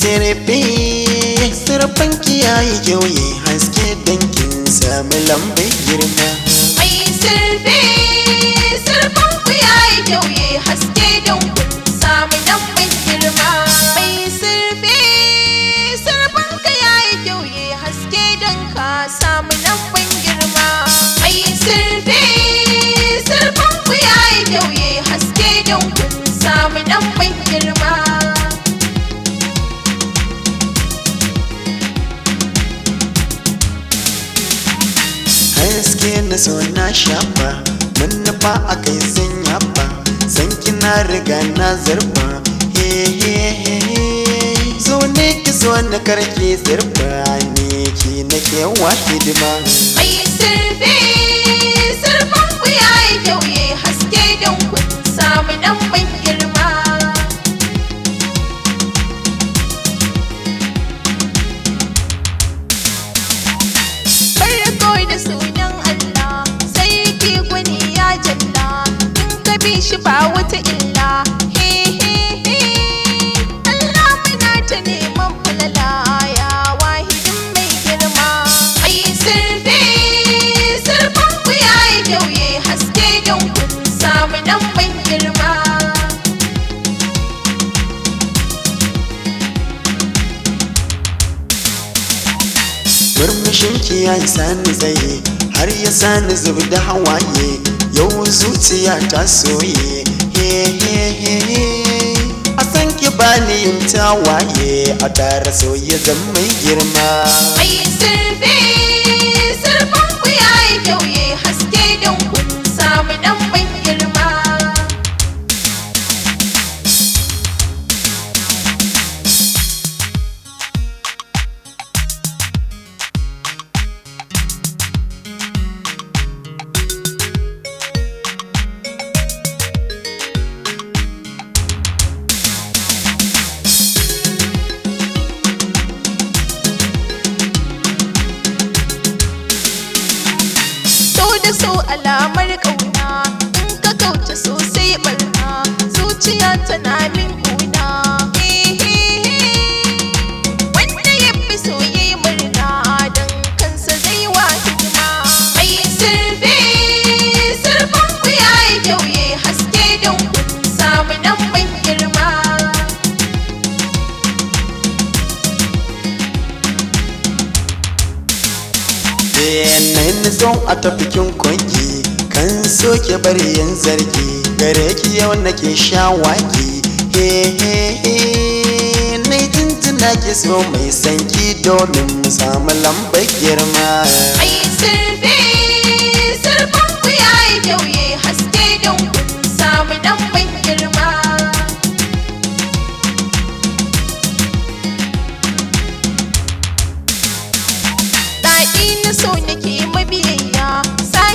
sirfi sirfan kiyaye kyauye haske dankin sami lambar girma mai sirfi sirfan kiyaye kyauye haske ke na so na shafa ba a kai san yaba san kina riga na zarba he he he so ne ki so na karki zarba ne ki na ke wa hidima shi ba wata illa he he he Allah muna ta neman fulala ya wahidin mai girma ai sirri sirfin ku yi dauye haske don kun samu nan mai girma Murmushin ki ya sani zai har ya sani zub da hawaye yau zuciya ta soye he he he he a san ki ni yin tawaye a tara soye zan mai girma da so alamar ƙauna in ka kauce sosai barna zuciya tana min kuna wanda ya fi so ya yi murna don kansa zai wa tuna mai sirfi sirfin ku ya yi kyauye nan zon a tafikin kwanki kan soke baryin zargi gare ki yau nake shawagi he he he na tuntuna ke so mai sanki domin mu samu lambar girma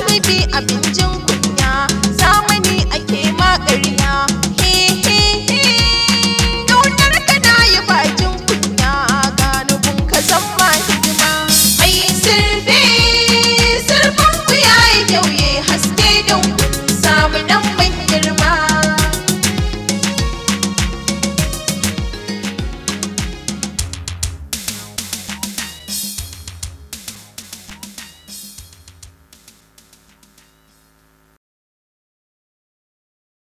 baby, I'm